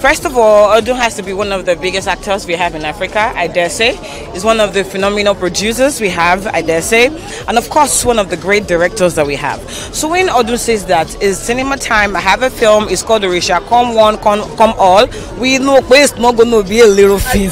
First of all, Odun has to be one of the biggest actors we have in Africa, I dare say. He's one of the phenomenal producers we have, I dare say. And of course, one of the great directors that we have. So when Odun says that, it's cinema time, I have a film, it's called Orisha, come one, come, come all, we know it's not going to be a little film.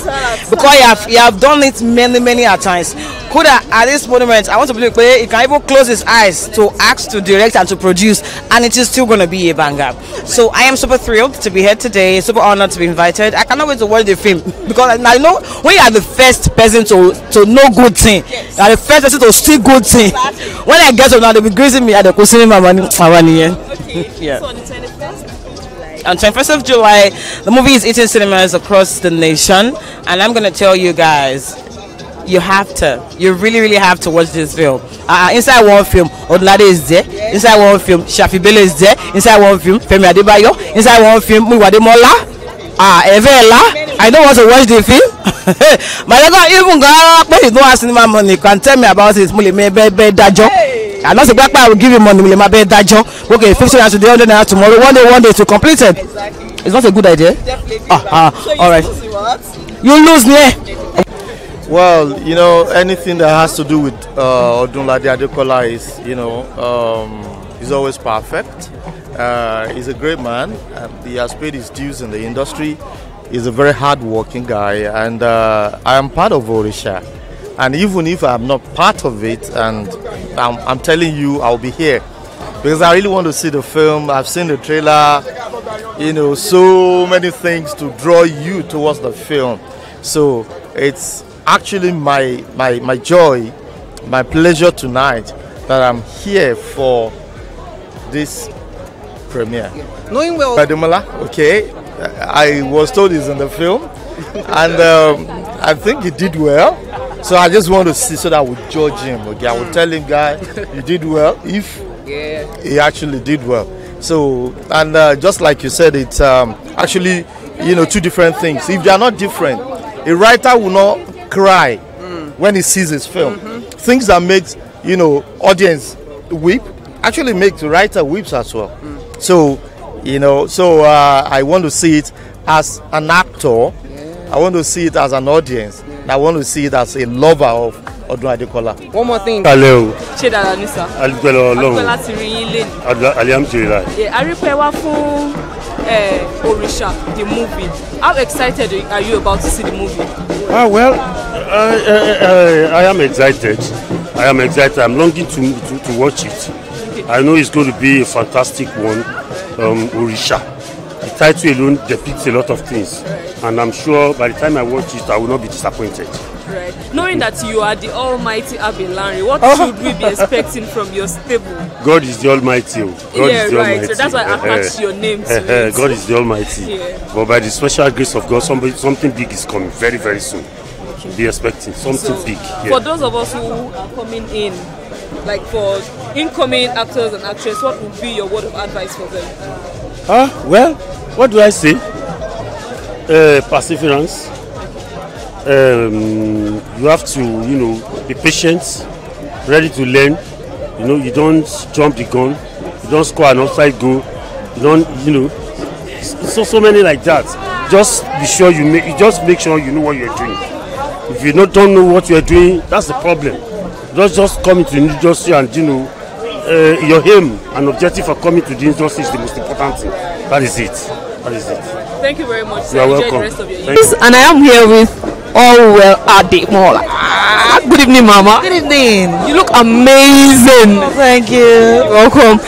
Because you have, you have done it many, many a times. Kuda at this moment, I want to believe Koda, it can even close his eyes to act, to direct, and to produce, and it is still going to be a banger. So I am super thrilled to be here today, super honored to be invited. I cannot wait to watch the film because I know when you are the first person to, to know good thing, yes. are the first person to see good thing. Exactly. When I get to now, they'll be greasing me at the Kusini Mamani. Okay, yeah. so on the 21st? on 21st of July, the movie is hitting cinemas across the nation, and I'm gonna tell you guys, you have to. You really, really have to watch this film. Uh, inside one film, Odlade is there. Inside one film, Shafi Bele is there. Inside one film, Femi Adebayo. Inside one film, Muiwade Mola. Ah, uh, Evela. I don't want to watch the film. My God, even God, but you don't have cinema money. Can tell me about it. Mule me be be dajo. I know the black man will give you money. Mule ma be dajo. Okay, oh. fifty naira today, hundred naira tomorrow. One day, one day to complete it. Exactly. It's not a good idea. Definitely. Ah, ah. Uh, so all right. You lose, yeah. Well, you know, anything that has to do with uh, Odunlade Adekola is, you know, um, is always perfect. Uh, he's a great man. Um, he has paid his dues in the industry. He's a very hard-working guy, and uh, I am part of Orisha. And even if I'm not part of it, and I'm, I'm telling you, I'll be here because I really want to see the film. I've seen the trailer, you know, so many things to draw you towards the film. So it's actually my, my, my joy, my pleasure tonight that I'm here for this premiere. Knowing well. Badumala, okay. I was told he's in the film, and um, I think he did well. So I just want to see so that I would judge him. Okay, I will tell him, guy, you did well. If yeah. he actually did well. So and uh, just like you said, it's um, actually you know two different things. If they are not different, a writer will not cry mm. when he sees his film. Mm-hmm. Things that makes you know audience weep actually mm. makes writer weeps as well. Mm. So you know, so uh, I want to see it as an actor. Yeah. I want to see it as an audience. Yeah. And I want to see it as a lover of ọdún adékọlá. one more thing. Hello. o. ṣé dáadáa ní sá. alùpùpù ọlọ́run. alùpùpù láti rí yín lé. alihamudulilayi. àrípẹ́ uh, Orisha, the movie. How excited are you about to see the movie? Ah, well, I, I, I am excited. I am excited. I'm longing to, to, to watch it. Okay. I know it's going to be a fantastic one, um, Orisha. The title alone depicts a lot of things, and I'm sure by the time I watch it, I will not be disappointed. Right. Knowing that you are the Almighty Abilanri, what oh. should we be expecting from your stable? God is the Almighty. Oh. God yeah, is the right. Almighty. So that's why I uh-huh. attached your name to uh-huh. it. God is the Almighty. Yeah. But by the special grace of God, somebody, something big is coming very, very soon. Okay. Be expecting something so, big. Yeah. For those of us who are coming in, like for incoming actors and actresses, what would be your word of advice for them? Ah, well, what do I say? Uh, perseverance. Um, you have to, you know, be patient, ready to learn. You know, you don't jump the gun, you don't score an offside goal, you don't, you know, so so many like that. Just be sure you make, just make sure you know what you're doing. If you not, don't know what you're doing, that's the problem. Just just come into just you and you know uh, your aim and objective for coming to the industry is the most important thing. That is it. That is it. Thank you very much. You are welcome. You. and I am here with all well at Ah, good evening, Mama. Good evening. You look amazing. Oh, thank you. You're welcome.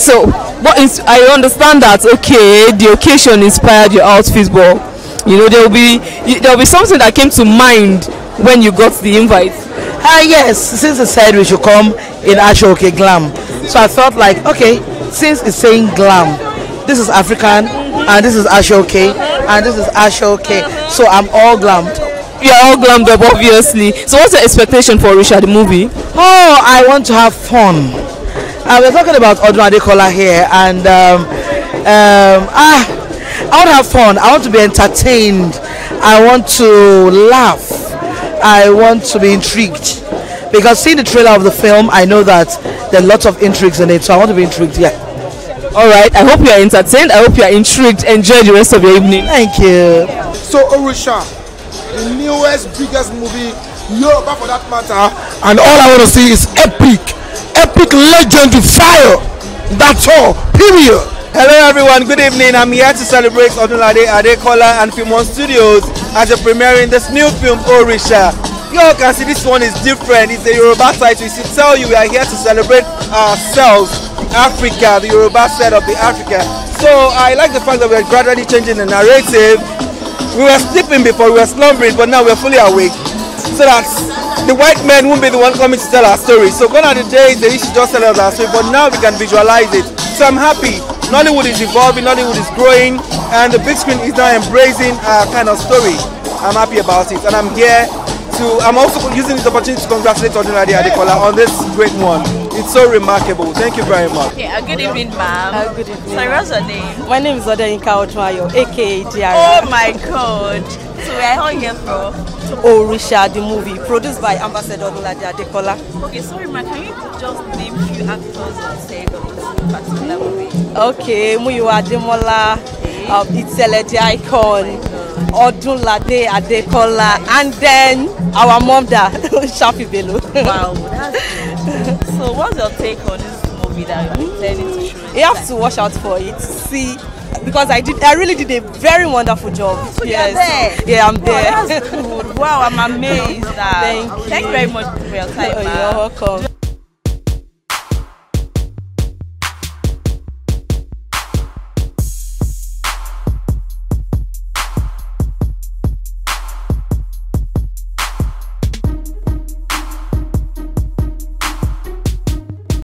So, what is? I understand that. Okay, the occasion inspired your outfit, but you know there will be there will be something that came to mind when you got the invite. Ah uh, yes, since I said we should come, in Ashoke Glam. So I thought like, okay, since it's saying glam, this is African and this is Ashoke and this is Ashoke. So I'm all glammed. You're all glammed up, obviously. So what's your expectation for Richard the movie? Oh, I want to have fun. Uh, we're talking about Odun Adekola here and um, um, ah, I want to have fun. I want to be entertained. I want to laugh. I want to be intrigued. Because seeing the trailer of the film, I know that there are lots of intrigues in it, so I want to be intrigued. Yeah. All right. I hope you are entertained. I hope you are intrigued. Enjoy the rest of your evening. Thank you. So, Orisha, the newest, biggest movie, Europe for that matter, and all I want to see is epic, epic legend fire. That's all. Period. Hello everyone, good evening. I'm here to celebrate Odunlade Adekola and Film One Studios as a in this new film, Orisha you can see this one is different. It's a Yoruba title. It tell you we are here to celebrate ourselves, Africa, the Yoruba side of the Africa. So I like the fact that we are gradually changing the narrative. We were sleeping before, we were slumbering, but now we are fully awake. So that the white men won't be the one coming to tell our story. So gone are the days they used to just tell us our story, but now we can visualize it. So I'm happy. Nollywood is evolving, Nollywood is growing, and the big screen is now embracing our kind of story. I'm happy about it, and I'm here to, I'm also using this opportunity to congratulate Ordinary Adekola on this great one. It's so remarkable. Thank you very much. Okay, a uh, good evening, ma'am. A uh, good evening. Sorry, what's your name? My name is Odeyinka Otunwayo, aka Diara. Oh my god. So we are all here for Orisha, the movie, produced by Ambassador Olade Adekola. Okay, sorry, ma'am. Can you just name a few actors on set of this particular movie? Okay, Muyiwa Ademola, um, Itele the Icon. Odunlade Adekola, and then our mom that Shafi Bello. Wow, that's good. so, what's your take on this movie that you're planning to show? You have to watch out for it. See because I did I really did a very wonderful job. so oh, yes. You're there. Yeah, I'm oh, there. Wow, that's good. wow, I'm amazed. Thank, you. Thank you very much for your time. No, you're welcome.